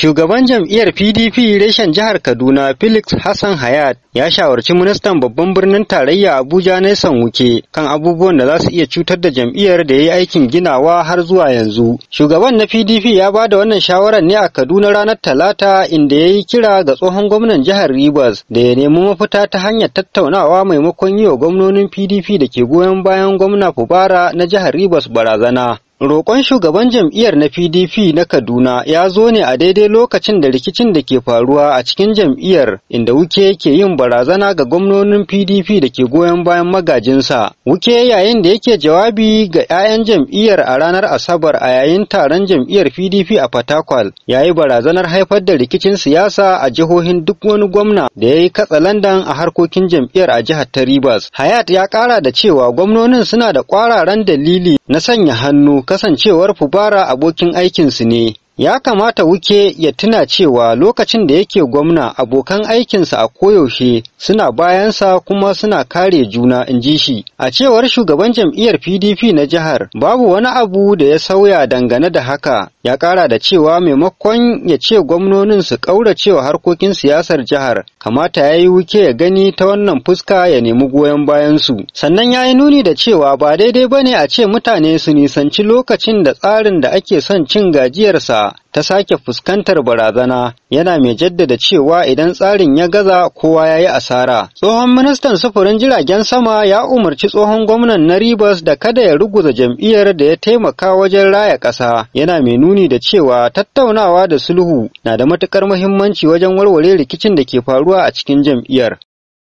Shugaban jam'iyyar PDP reshen jihar Kaduna Felix Hassan Hayat ya shawarci ministan babban birnin tarayya Abuja Nelson Wuke kan abubuwan da za su iya cutar da jam'iyyar da ya yi aikin ginawa har zuwa yanzu. Shugaban na PDP ya ba da wannan shawarar ne a Kaduna ranar Talata inda ya yi kira ga tsohon gwamnan jihar Rivers da ya nemi mafita ta hanyar tattaunawa maimakon yi wa gwamnonin PDP da ke goyon bayan gwamna Fubara na jihar Rivers barazana. Roƙon shugaban jam'iyyar na PDP na Kaduna ya zo ne a daidai lokacin da rikicin da ke faruwa a cikin jam'iyyar inda Wuke ke yin barazana ga gwamnonin PDP da ke goyon bayan magajinsa. Wuke yayin da yake jawabi ga 'ya'yan jam'iyyar a ranar Asabar a yayin taron jam'iyyar PDP a Fatakwal ya yi barazanar haifar da rikicin siyasa a jihohin duk wani gwamna da ya yi katsalandan a harkokin jam'iyyar a jihar ta Hayat ya ƙara da cewa gwamnonin suna da ƙwararan dalili na sanya hannu kasancewar Fubara abokin aikinsu ne. Ya kamata Wuke ya tuna cewa lokacin da yake gwamna abokan aikinsa a koyaushe suna bayansa kuma suna kare juna in ji shi. A cewar shugaban jam'iyyar PDP na jihar, babu wani abu da ya sauya dangane da haka. Ya kara da cewa maimakon ya ce gwamnonin su ƙauracewa harkokin siyasar jihar, kamata ya yi Wuke ya gani ta wannan fuska ya nemi goyon bayansu. Sannan ya yi nuni da cewa ba daidai ba ne a ce mutane su nisanci lokacin da tsarin da ake son cin gajiyarsa ta sake fuskantar barazana yana mai jaddada cewa idan tsarin ya gaza kowa ya yi asara. Tsohon ministan sufurin jiragen sama ya umarci tsohon gwamnan na Ribas da kada ya ruguza jam'iyyar da ya taimaka wajen raya ƙasa yana mai nuni da cewa tattaunawa da sulhu na da matuƙar muhimmanci wajen warware rikicin da ke faruwa a cikin jam'iyyar.